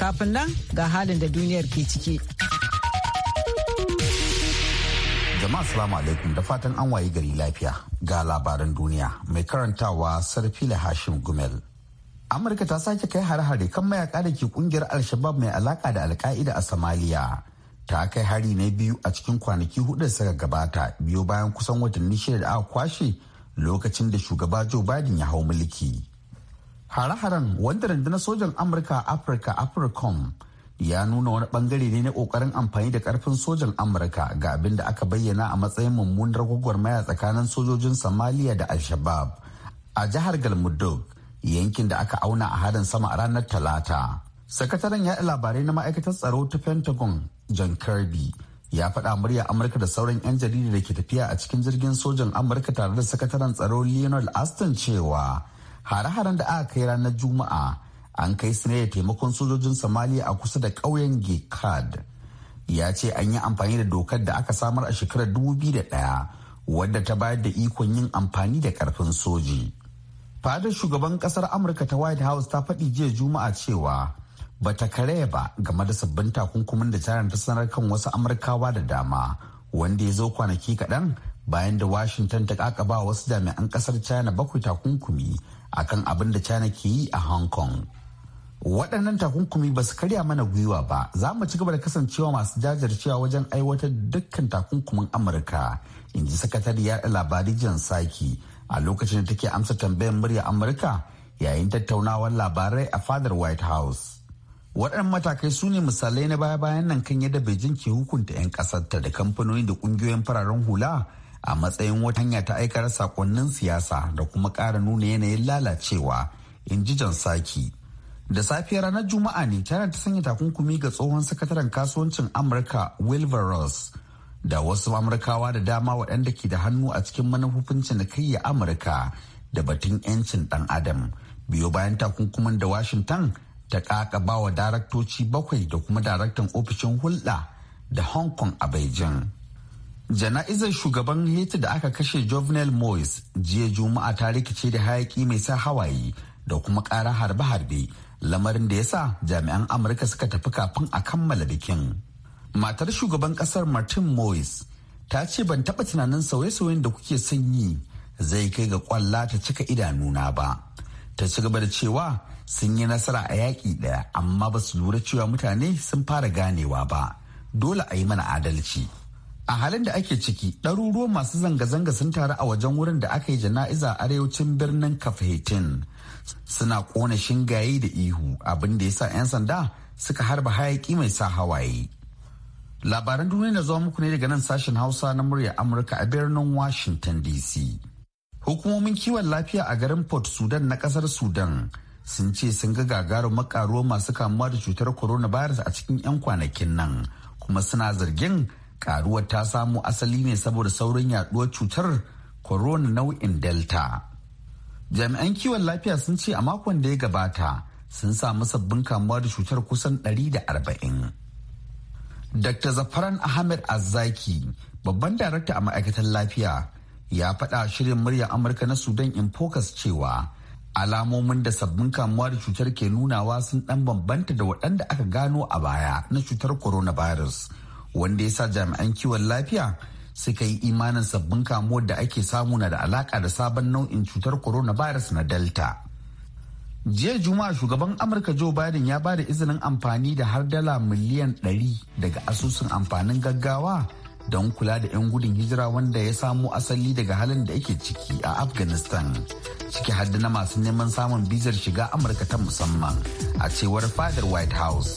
Kafin nan ga halin da duniyar ke ciki. Jama'a salamu alaikum da fatan an wayi gari lafiya ga labaran duniya mai karantawa Sarfila Hashim Gumel. Amurka ta sake kai har-hare kan mayaka da ke kungiyar alshabab mai alaka da Alka'ida a Somalia. ta kai hari na biyu a cikin kwanaki hudu da suka gabata biyo bayan kusan watanni shida da aka kwashe lokacin da shugaba Joe Biden ya hau mulki. hare-haren wanda rundunar sojan amurka afirka africom ya nuna wani bangare ne na kokarin amfani da karfin sojan amurka ga abin da aka bayyana a matsayin mummunar maya tsakanin sojojin Samaliya da al-shabab a jihar galmudug yankin da aka auna a hadin sama a ranar talata sakataren yaɗa labarai na ma'aikatar tsaro ta pentagon john kirby ya faɗa murya amurka da sauran 'yan jarida da ke tafiya a cikin jirgin sojan amurka tare da sakataren tsaro leonard aston cewa hare-haren da aka kai ranar juma'a an kai su ne da taimakon sojojin somaliya a kusa da ƙauyen gekad ya ce an yi amfani da dokar da aka samar a shekarar dubu biyu da 2001 wadda ta bayar da ikon yin amfani da karfin soji. Fadar shugaban kasar Amurka ta White House ta faɗi jiya Juma'a cewa ba ta karaya ba game da sabbin takunkumin da China ta sanar kan wasu Amurkawa da dama wanda ya zo kwanaki kaɗan bayan da washington ta kakaba wasu jami'an kasar china bakwai takunkumi akan abin da china ke yi a hong kong waɗannan takunkumi ba su karya mana gwiwa ba za mu ci gaba da kasancewa masu jajircewa wajen aiwatar dukkan takunkumin amurka in ji sakatariyar labari jan saki a lokacin da take amsa tambayar murya amurka yayin tattaunawar labarai a fadar white house waɗannan matakai su ne misalai na baya-bayan nan kan yadda beijing ke hukunta 'yan ƙasarta da kamfanoni da ƙungiyoyin fararen hula a matsayin wata hanya ta aikar sakonnin siyasa da kuma ƙara nuna yanayin lalacewa in ji jan saki da safiya ranar juma'a ne tana ta sanya takunkumi ga tsohon sakataren kasuwancin amurka wilbur ross da wasu amurkawa da dama waɗanda ke da hannu a cikin manufofin cinikayya amurka da batun 'yancin ɗan adam biyo bayan takunkumin da washington ta kakaba wa daraktoci bakwai da kuma daraktan ofishin hulɗa da hong kong a beijing Jana'izar shugaban Haiti da aka kashe Jovenel Moise jiya Juma'a ta rikice da hayaki mai sa hawaye da kuma ƙara harbe-harbe lamarin da ya sa jami'an Amurka suka tafi kafin a kammala bikin. Matar shugaban ƙasar Martin Moise ta ce ban taɓa tunanin sauye-sauyen da kuke son yi zai kai ga ƙwalla ta cika idanuna ba. Ta ci gaba da cewa sun yi nasara a yaƙi ɗaya amma ba su lura cewa mutane sun fara ganewa ba. Dole a yi mana adalci. a halin da ake ciki ɗaruruwan masu zanga-zanga sun taru a wajen wurin da aka yi jana'iza a arewacin birnin kafahitin suna kona shingaye da ihu abin da ya sa 'yan sanda suka harba hayaƙi mai sa hawaye labaran duniya na zuwa muku ne daga nan sashen hausa na murya amurka a birnin washington dc hukumomin kiwon lafiya a garin port sudan na kasar sudan sun ce sun ga gagarin makaruwa masu kamuwa da cutar coronavirus a cikin 'yan kwanakin nan kuma suna zargin karuwar ta samu asali ne saboda saurin yaduwar cutar corona nau'in delta jami'an kiwon lafiya sun ce a makon da ya gabata sun samu sabbin kamuwa da cutar kusan 140 dr zafaran ahmed azzaki babban darakta a ma'aikatar lafiya ya faɗa shirin murya amurka na sudan in focus cewa alamomin da sabbin kamuwa da cutar ke nunawa sun ɗan bambanta da waɗanda aka gano a baya na cutar coronavirus. virus wanda ya sa jami'an kiwon lafiya suka yi imanin sabbin kamuwar da ake samu na da alaka da sabon nau'in cutar corona coronavirus na delta jiya juma'a shugaban amurka joe biden ya ba da izinin amfani da har dala miliyan 100 daga asusun amfanin gaggawa don kula da 'yan gudun hijira wanda ya samo asali daga halin da ake ciki a afghanistan ciki hadda na masu neman samun bizar shiga amurka ta musamman a cewar fadar white house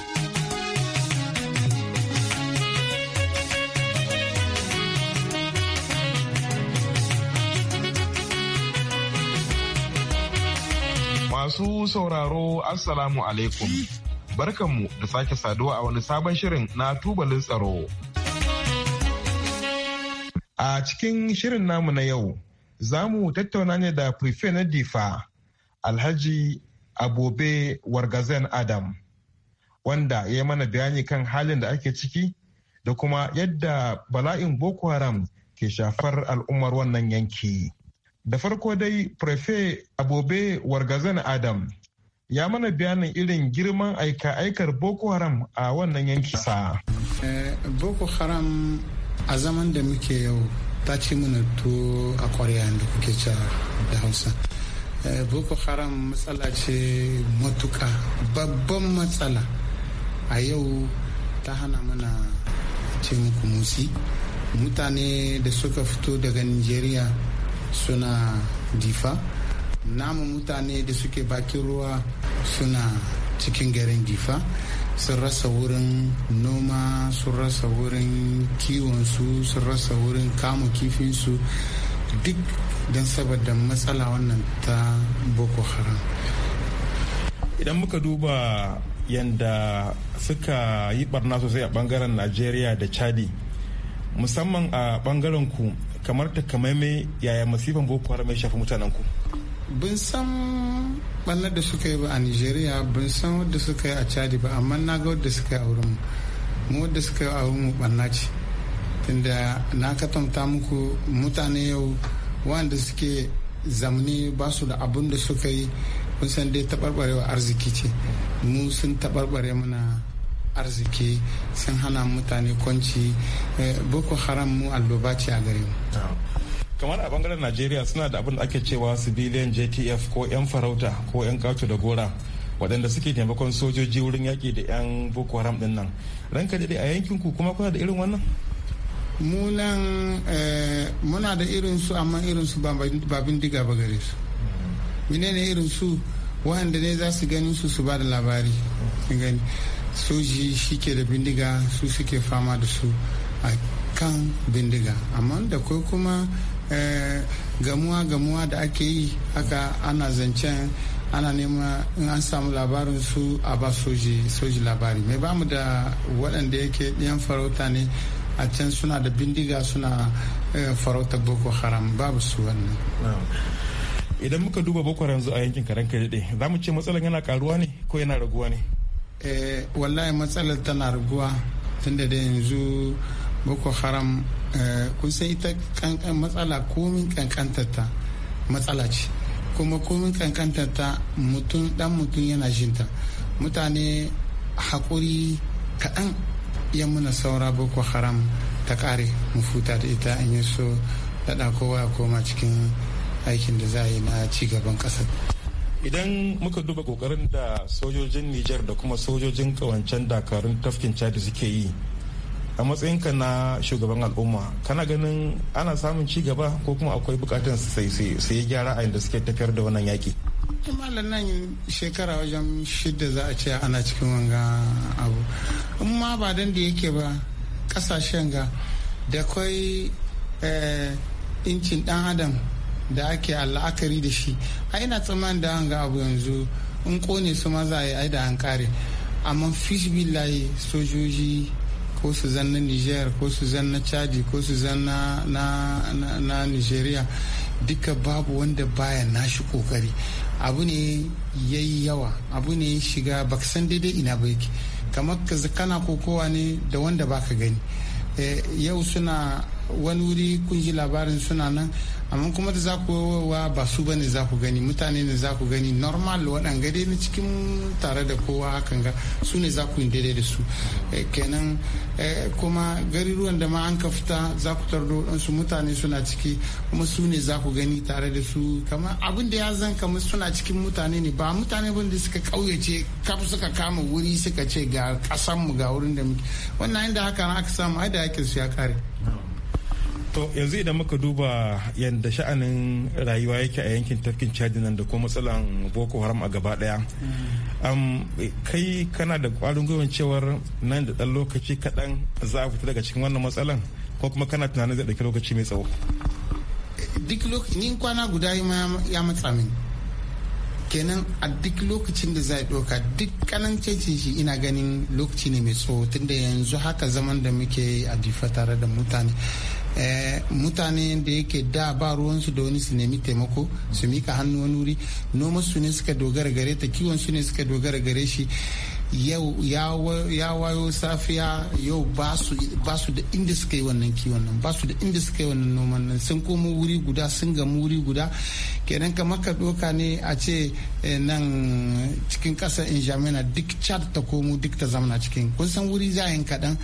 Masu sauraro Assalamu alaikum. Barkanmu da sake saduwa a wani sabon shirin na tubalin tsaro. A cikin shirin namu na yau, za mu tattauna ne da prefe na difa Alhaji Abobe Wargazen Adam, wanda ya yi mana bayani kan halin da ake ciki da kuma yadda bala'in Boko Haram ke shafar al'ummar wannan yanki. Da farko dai Prefe Abobe Wargazan Adam ya mana bayanin irin girman aika-aikar Boko Haram a wannan yanki sa. Eh, Boko Haram a zaman da muke yau ta ci mana to a kwarya da kuke cewa da Hausa. Eh, Boko Haram matsala ce matuka babban matsala a yau ta hana mana ce muku musi mutane da suka fito daga Nigeria suna difa namu mutane da suke bakin ruwa suna cikin garin difa sun rasa wurin noma sun rasa wurin kiwonsu sun rasa wurin kamun kifinsu duk don saboda matsala wannan ta boko haram idan muka duba yadda suka yi barna sosai a bangaren najeriya da chadi musamman a bangaren ku kamar ta mai yaya masifan boko haram ya shafi mutanen ku bin san ɓannar da suka yi ba a nigeria bin san wadda suka yi a chadi ba amma na ga wadda suka yi a wurin mu wadda suka yi a wurin mu ɓanna ce tunda na katanta muku mutane yau wanda suke zamani ba su da abun da suka yi kun san dai taɓarɓarewa arziki ce mu sun taɓarɓare mana arziki sun hana mutane kwanci eh, boko haram mu alloba ce a gare mu kamar a bangaren najeriya suna da abin da ake cewa civilian jtf ko 'yan farauta ko 'yan kacu da gora waɗanda suke taimakon sojoji wurin yaƙi da 'yan boko haram din nan ranka daɗe a yankin ku kuma kuna da irin wannan munan eh, muna da irin su amma irin su ba bindiga ba gare su hmm. menene irin su wanda ne za su ganin su su ba da labari gani soji shi ke da bindiga su suke fama da su a kan bindiga amma da kai kuma eh, gamuwa gamuwa da ake yi haka ana zancen ana nema in an samu labarin su a ba soji soji labari mai bamu da waɗanda yake ɗiyan farauta ne a can suna da bindiga suna eh, farauta boko haram babu su wannan idan muka duba boko haram a yankin karan kai za mu ce matsalan yana karuwa ne ko yana raguwa ne Eh, wallahi matsalar tana raguwa tunda da yanzu boko haram eh, kun san ita kankan matsala komin kankantarta matsala ce kuma komin kankantarta mutum dan mutum yana jinta mutane hakuri kaɗan ya muna saura boko haram ta ƙare mu futa da ita in yi so daɗa kowa koma cikin aikin da za a yi na cigaban ƙasar idan muka duba kokarin da sojojin niger da kuma sojojin kawancen dakarun tafkin chad suke yi a matsayinka na shugaban al'umma kana ganin ana samun ci gaba ko kuma akwai bukatun su yi gyara a inda suke tafiyar da wannan yaki malam nan shekara wajen shida za a ce ana cikin wanga abu amma ba dan da yake ba kasashen ga da kai eh, incin dan adam da ake a la'akari da shi a ina tsammanin da ga abu yanzu in kone su maza ya a yi aida an kare amma fish sojoji ko su zanna niger ko su zanna chadi ko su zanna na, nigeria duka babu wanda baya nashi kokari abu ne ya yi yawa abu ne shiga baka daidai ina ba kamar ka kana kokowa ne da wanda baka gani eh, yau suna wani wuri kun ji labarin suna nan amma kuma da za ku wa ba su bane za ku gani mutane ne za ku gani normal waɗan dai na cikin tare da kowa hakan ga su ne za ku yi daidai da su eh, kenan eh, kuma ruwan da ma an ka fita za ku tardo waɗansu mutane suna ciki kuma su ne za ku gani tare da su kama abin da ya zan kama suna cikin mutane ne ba mutane ba da suka ce kaf suka kama wuri suka ce ga kasanmu ga wurin da muke wannan inda haka aka samu ai da ake su ya kare to yanzu idan muka duba yadda sha'anin rayuwa yake a yankin tafkin chadi nan da kuma matsalan boko haram a gaba daya kai kana da kwarin gwiwan cewar nan da ɗan lokaci kaɗan za a fita daga cikin wannan matsalan ko kuma kana tunanin zai ɗauki lokaci mai tsawo duk lokaci ni kwana guda ya matsa min kenan a duk lokacin da za a ɗauka duk cancin shi ina ganin lokaci ne mai tsawo tunda yanzu haka zaman da muke a difa tare da mutane Eh, mutane da yake da ba ruwansu da wani su nemi taimako su mika hannu wani wuri noma su ne suka dogara gare ta kiwon su ne suka dogara gare shi yau ya wayo safiya yau ba su da inda suka yi wannan kiwon nan ba su da inda suka yi wannan noman nan sun komo wuri guda sun gamu wuri guda kenan kamar ka doka ne a ce eh, nan cikin kasar injamina duk chad ta komo duk ta zamana cikin kun san wuri za yin kaɗan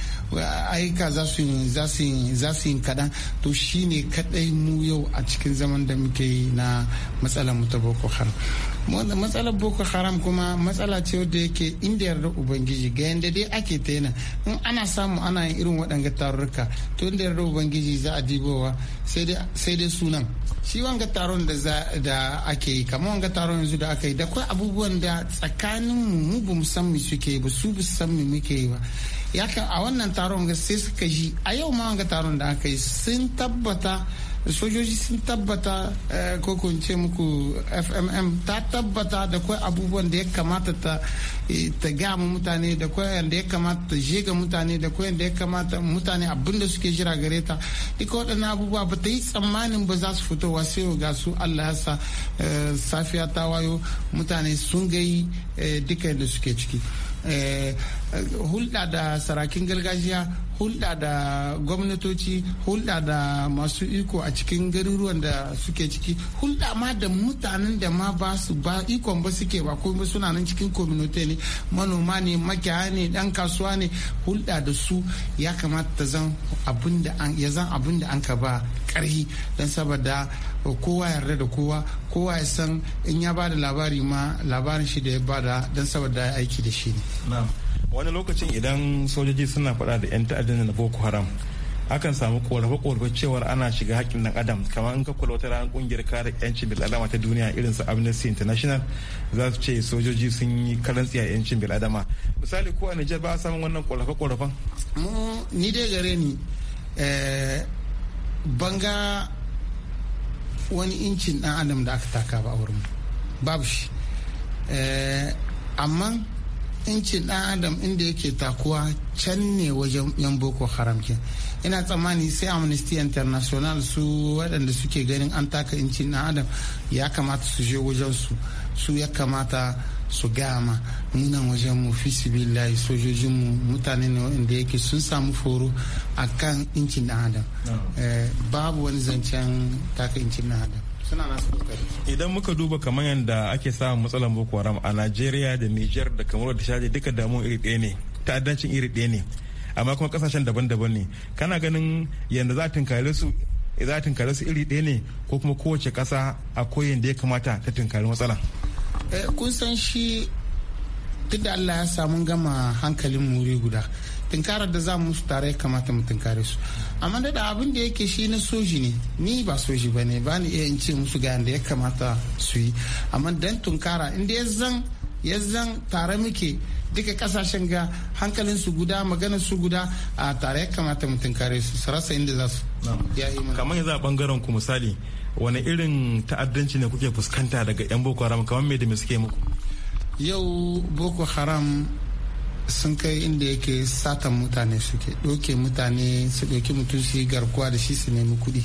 ayyuka za su yin kaɗan to shine kaɗai mu yau a cikin zaman da muke yi na matsalar mu ta boko haram matsalar boko haram kuma matsala ce wadda yake inda yarda ubangiji ga yadda dai ake ta yana in ana samu ana yin irin waɗanga tarurruka to da yarda ubangiji za a dibowa sai dai sunan shi wanga taron da ake yi kamar wanga taron yanzu da aka yi da kai abubuwan da tsakanin mu mu san mu suke ba su bu san mu muke yi ba ya a wannan taron sai suka ji a yau ma wanga taron da aka yi sun tabbata sojoji sun tabbata eh, ko ko ce muku fmm ta tabbata da kwai abubuwan da ya kamata ta eh, ta gama mutane da kwai da ya kamata ta je ga mutane da kwai da ya kamata mutane abinda suke jira gare ta duka waɗannan abubuwa ba ta yi tsammanin ba za su fitowa sai ga su allah ya sa eh, safiya ta wayo mutane sun gai duka yanda suke ciki Eh, hulɗa da sarakin gargajiya hulɗa da gwamnatoci hulɗa da masu iko a cikin garuruwan da suke ciki hulɗa ma da mutanen da ma ba su ba ikon ba suke ba ko suna nan cikin community ne manoma ne makiya ne dan kasuwa ne hulɗa da su ya kamata ta zan abin da an ka ba karhi don saboda kowa yarda da kowa kowa ya san in ya bada labari ma labarin shi da ya bada don saboda ya aiki da shi ne wani lokacin idan sojoji suna faɗa da 'yan ta'adda na boko haram akan samu korafe-korafe cewar ana shiga hakkin dan adam kamar in ka kula wata ranar kungiyar kare yancin bil'adama ta duniya irin su amnesty international za su ce sojoji sun yi karantsiya yancin bil'adama misali ko a nijar ba a samun wannan korafe-korafen mu ni dai gare ni eh, banga wani incin dan adam da aka taka ba a wurin babu shi eh, amma incin dan adam inda yake takuwa can ne wajen yan boko haram ina tsammani sai amnesty international su waɗanda suke ganin an taka incin dan adam ya kamata su je wajen su su ya kamata su gama munan wajen mu fi sibillahi sojojin mu mutane ne wanda yake sun samu foro a kan incin dan adam eh, babu wani zancen taka incin dan adam idan muka duba kamar yadda ake samun matsalar boko haram a nigeria da niger da kamar da shaji duka damuwa iri ɗaya ne ta'addancin iri ɗaya ne amma kuma kasashen daban-daban ne kana ganin yadda za a tunkare su za a tunkare su iri ɗaya ne ko kuma kowace ƙasa a koyin da ya kamata ta tunkari matsalar Eh, kun san shi duk da Allah ya samu gama hankalin muri guda tunkarar da za mu su tare kamata mu tunkare su amma da abin da yake shi na soji ne ni ba soji ba ne ba ni iya in ce musu ga da ya kamata su yi amma dan tunkara inda ya zan ya zan tare muke duka kasashen ga hankalin su guda maganar su guda a tare ya kamata mu tunkare su sarasa inda za su kamar yanzu a bangaren ku misali wani irin ta'addanci ne kuke fuskanta daga 'yan boko haram kamar me da me suke muku yau boko haram sun kai inda yake satan mutane suke ɗauke mutane su ɗauki mutum su yi garkuwa da shi su nemi kuɗi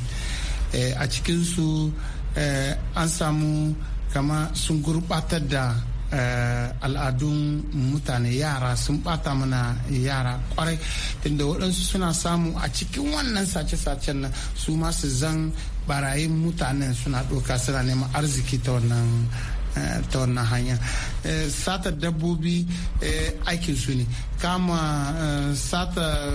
eh, a cikinsu eh, an samu kama sun gurɓatar da eh, al'adun mutane yara sun bata mana yara kwarai tunda waɗansu suna samu a cikin wannan sace-sacen nan su masu zan barayin mutanen suna ɗoka suna neman arziki ta wannan eh, ta wannan hanya eh, sata dabbobi eh, aikin su ne kama sata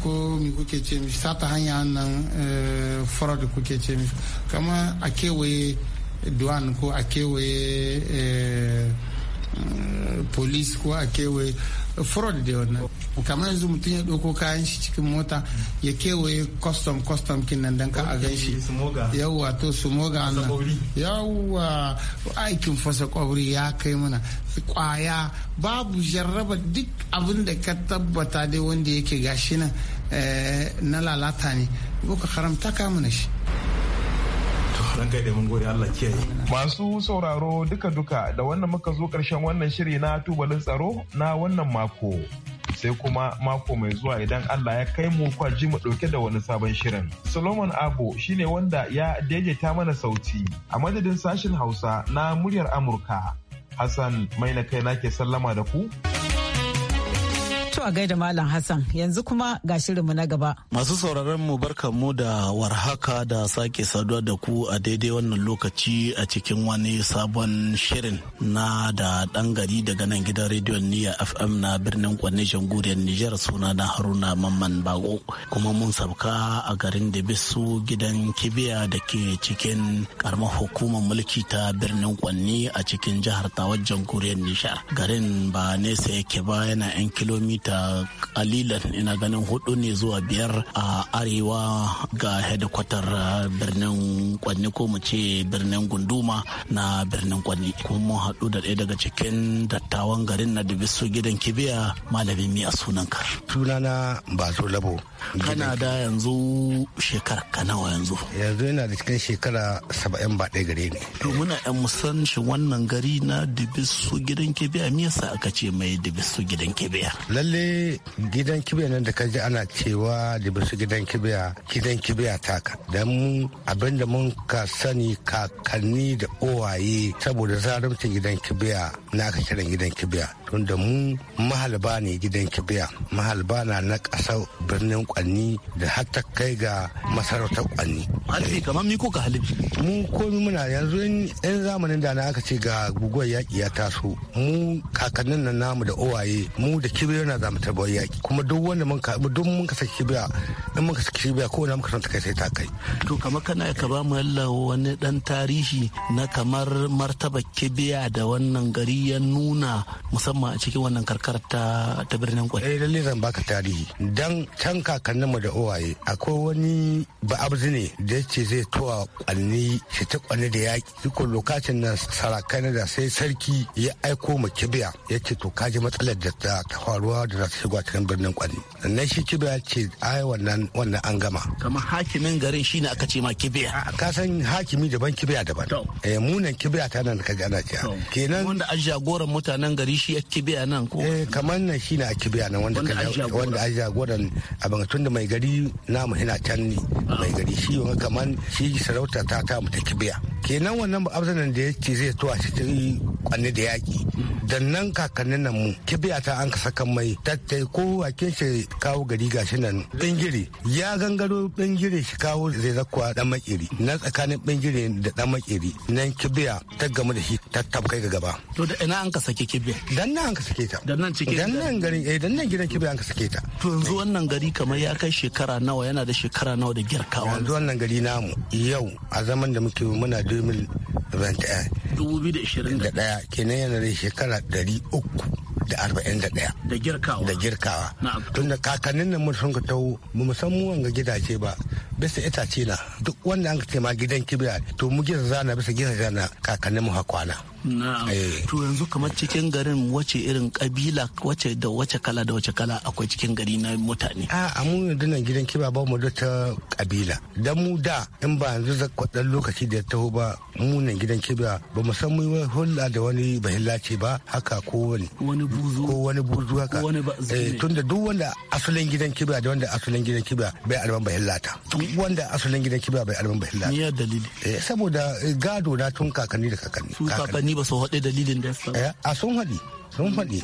ko mi kuke ce mi sata hanya nan fara da kuke ce mi kama a kewaye duwan ko a kewaye mm, police ko a kewaye fraud da wannan kamar yanzu mutum ya ɗauko kayan shi cikin mota ya kewaye custom custom kin nan dan ka a gan shi yawwa to su moga nan yawwa aikin fasa kwabri ya kai mana kwaya babu jarraba duk abin da ka tabbata dai wanda yake gashi nan eh, na lalata ne boko haramta ka mana shi Masu sauraro duka-duka da wannan muka zo ƙarshen wannan shiri na tubalin tsaro na wannan mako. sai kuma mako mai zuwa idan Allah ya kai mu kwaji mu ɗauke da wani sabon shirin. Solomon Abo shine wanda ya daidaita mana sauti a madadin sashen Hausa na muryar Amurka. Hassan mai na kai na ke sallama da ku. To a gaida Malam Hassan yanzu kuma ga shirinmu na gaba. Masu sauraron mu mu da warhaka da sake saduwa da ku a daidai wannan lokaci a cikin wani sabon shirin na da ɗan gari daga nan gidan rediyon niya FM na birnin Kwanne Janguriyar Nijar suna na Haruna Mamman bago kuma mun sauka a garin da bisu gidan kibiya da ke cikin karamar hukumar mulki ta birnin Kwanne a cikin jihar Tawar Janguriyar Nijar. Garin ba nesa yake ba yana 'yan kilomita ta kalilan ina ganin hudu ne zuwa biyar a arewa ga hedikwatar birnin kwanne ko mu ce birnin gunduma na birnin kwanne kuma mun haɗu da ɗaya daga cikin dattawan garin na da bisu gidan kibiya malamin mi a sunan ka. sunana ba zo labo kana da yanzu shekara ka nawa yanzu yanzu yana da cikin shekara saba'in ba ɗaya gare ne to muna yan musan shi wannan gari na dibisu gidan kibiya me yasa aka ce mai dibisu gidan kibiya lalle gidan kibiya nan da kaji ana cewa da bisu gidan kibiya gidan kibiya taka don abin da mun ka sani kakanni da owaye saboda zarumcin gidan kibiya na aka kiran gidan kibiya tun da mu mahalba ne gidan kibiya mahalba na na ƙasar birnin kwanni da har ta kai ga masarautar kwanni. Halibi kamar miko ka halibi. Mu komi muna yanzu yan zamanin da na aka ce ga guguwar yaƙi ya taso mu kakannin nan namu da owaye mu da kibiya na za mu yaki kuma duk wanda mun ka duk mun ka saki biya in mun ka saki biya ko wanda mun san kai sai ta kai to kamar kana ka ba mu yalla wani dan tarihi na kamar martaba kibiya da wannan gari ya nuna musamman a cikin wannan karkar ta ta birnin kwai eh lalle zan baka tarihi dan can kakannin mu da uwaye akwai wani ba ne da yace zai towa kwanni shi ta kwanni da yaki ko lokacin nan sarakai da sai sarki ya aiko mu kibiya yace to kaji matsalar da ta faruwa da za su shigo a cikin birnin Kwani. Na shi kibiya ce ai wannan wannan an gama. Kama hakimin garin shine aka ce ma kibiya. Ka san hakimi daban kibiya daban. Eh munan kibiya ta nan ka gana ce Kenan wanda an jagoran mutanen gari shi kibiya nan ko. Eh kamar nan shine a kibiya nan wanda wanda an jagoran abin tunda mai gari namu ina can ne ah. mai gari shi wanda kamar shi sarauta ta ta mu ta kibiya. Kenan wannan abzanan da yake ce zai to a cikin kwanne da yaƙi. Mm. Dan nan kakannin nan mu kibiya ta an ka saka mai tattai ko wakin shi kawo gari gashi nan bingire ya gangaro bingire shi kawo zai zakwa dan makiri na tsakanin bingire da dan makiri nan kibiya ta gamu da shi ta tabkai ga gaba to da ina an ka sake kibiya dan nan an ka sake ta dan nan cikin dan nan garin eh dan nan gidan kibiya an ka sake ta to yanzu wannan gari kamar ya kai shekara nawa yana da shekara nawa da girkawa yanzu wannan gari namu yau a zaman da muke muna 2021 2021 eh, kenan yana da shekara 300 da arba'in da ɗaya. Da girkawa. Da girkawa. Tun da kakannin nan mun sun tawo mu musamman ga gidaje ba bisa itace na duk wanda an ka ce ma gidan kibiya to mu gina zana bisa gina zana kakannin mu hakwana. Eh. to yanzu kamar cikin garin wace irin kabila wace da wace kala da wace kala akwai cikin gari na mutane a mu yanzu nan gidan kiba ba mu da ta kabila dan mu da in ba yanzu da kwadan lokaci da ya taho ba mu nan gidan kiba ba mu san mu hulla da wani bahillaci ba haka ko wani wani buzu ko wani buzu haka eh, tunda duk wanda asalin gidan kiba da wanda asalin gidan kiba bai alban bahillata duk wanda asalin gidan kiba bai alban bahillata N'i ya dalili eh, saboda gado na tun kakanni da kakanni ba su haɗe dalilin da ya eh, A sun haɗe. sun faɗi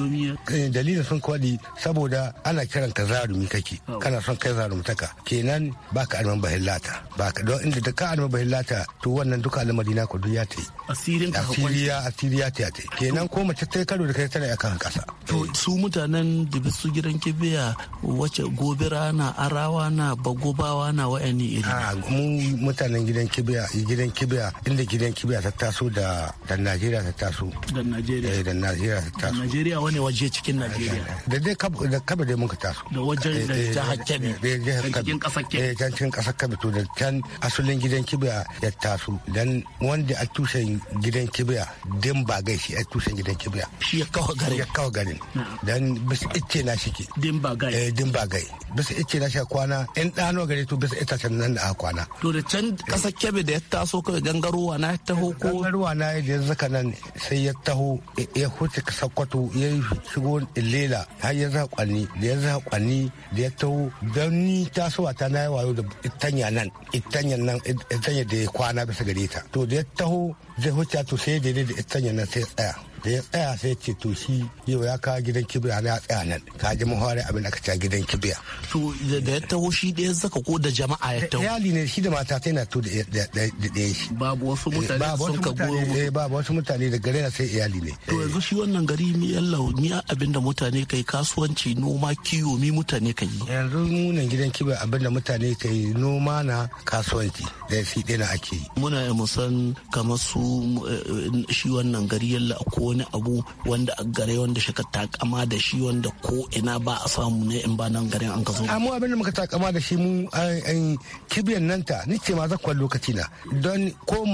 eh, dalilin sun kwaɗi saboda ana kiran ka zarumi kake oh. kana son kai taka. kenan ba ka arman bahin lata ka don inda da ka arman bahin lata to wannan duka al'amari na kudu ya ta yi asirin asiriya asiriya ta ta kenan ko mace ta karo da kai tana kan kasa to eh. su mutanen da su gidan kibiya wace gobira na arawa na bagobawa na wa'ani iri ah, mu mutanen gidan kibiya gidan kibiya inda gidan kibiya ta taso da da Najeriya ta taso da Najeriya eh, da Najeriya ta taso Najeriya wani waje cikin Najeriya. Da dai kaba dai muka taso. Da wajen eh, da eh, jihar Kebbi. Da jihar Kebbi. Cikin Da eh, cikin ƙasar Kebbi to da can asalin gidan kibiya ya taso. Dan wanda a tushen gidan kibiya din ba gai shi a tushen gidan kibiya. Shi ya kawo gari. Ya kawo garin. Dan bisa ice na shi ke. Din ba gai. Eh din ba gai. Bisa ice na shi kwana. In ɗano gare to bisa itacen nan da a kwana. To da can ƙasar Kebbi da ya taso kawai gangarowa na ya taho ko. Gangarowa na ya zaka nan sai ya taho ya huce ka wato ya shigo lela har ya za kwanni da ya za kwanni da ya taho don ni tasowa ta na yi wayo da itanya nan itanya nan itanya da ya kwana bisa gare ta to da ya taho zai huce to sai daidai da itanya nan sai tsaya da ya tsaya sai ce to shi yau ya kawo gidan kibiya na ya tsaya nan ka ji mahawari abin da ka ta gidan kibiya. to da ya taho shi ɗaya zaka ko da jama'a ya taho. iyali ne shi da mata ta yana to da ɗaya shi. babu wasu eh, mutane sun ka goyo eh, babu wasu mutane da gare na sai iyali ne. to yanzu shi wannan gari mi yallau ni abin da mutane kai kasuwanci noma kiwo mi mutane kai. yanzu munan gidan kibiya abin da mutane kai noma na kasuwanci da shi ɗaya ake yi. muna musan kamar su eh, shi wannan gari yallau ko wani abu wanda a gare wanda shi ka takama da shi wanda ko ina ba a samu ne in ba nan gare an ka zo. Amma abin da muka takama da shi mu an kibiyan nan ta ni ce ma zakwan lokaci na don ko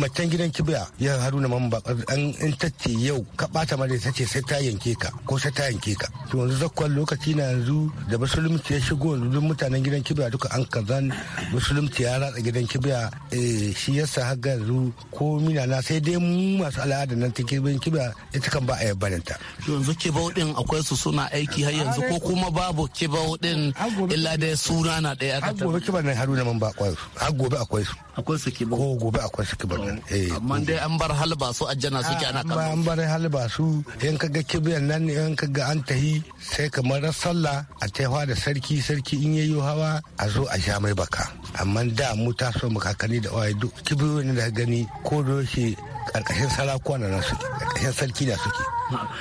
macen gidan kibiya ya haruna mamba an in tace yau ka bata da ta ce sai ta yanke ka ko sai ta yanke ka. To yanzu zakwan lokaci na yanzu da musulunci ya shigo yanzu mutanen gidan kibiya duka an kazan musulunci ya ratsa gidan kibiya eh, shi yasa har yanzu ko mina na sai dai mu masu al'ada nan ta kibiyan kibiya ita kan ba a yi barinta. yanzu kibau akwai su suna aiki har yanzu ko kuma babu kibau illa dai suna na ɗaya aka gobe kibar nan haruna man ba akwai har gobe akwai su. akwai su kibar. ko gobe akwai su kibar nan. Eh, amma dai an bar halba su ajjana suke ana kan. an bar halba su yan kaga kibiyan nan yan kaga an tahi sai kamar sallah a yi da sarki sarki in yayi hawa a zo a sha mai baka amma da mu taso mu kakanni da waye duk kibiyoyin da gani ko da yake karkashin sarakuna na suke karkashin sarki na suke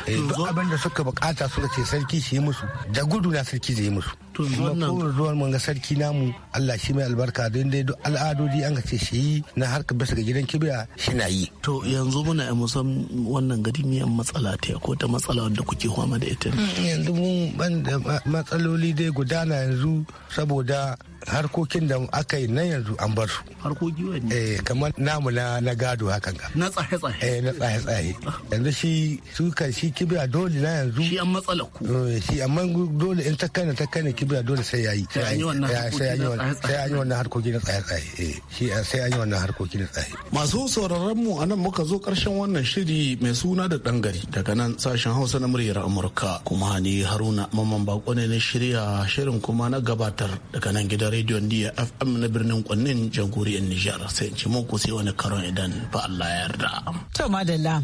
eh, duk abin da suka bukata suka ce sarki shi yi musu da gudu na sarki zai yi musu to ruwan mun sarki namu Allah shi mai albarka don dai duk al'adodi an ka ce shi yi na harka bisa ga gidan kibiya shi na yi to yanzu muna yi musam wannan gari miyan matsala ta ko ta matsala wanda kuke fama da ita hmm, yanzu mun ban da matsaloli dai gudana yanzu saboda harkokin da aka yi na yanzu an bar su harkoki wani eh kamar namu na na gado hakan ga na tsaye tsaye eh na tsaye tsaye yanzu shi su kan shi kibiya dole na yanzu shi an matsala ku eh, shi amma dole in ta kana ta kana kibiya biya dole sai ya yi sai an yi wannan harkoki na tsaye-tsaye eh, eh, sai an yi wannan harkoki na tsaye masu sauraron mu anan muka zo karshen wannan shiri mai suna da dan gari daga nan sashen hausa na muryar amurka kuma ni haruna mamman bako ne na shirya shirin kuma na gabatar daga nan gidan rediyon niya fm na birnin kwannin jamhuriyar nijar sai in ci muku sai wani karon idan ba allah ya yarda to madalla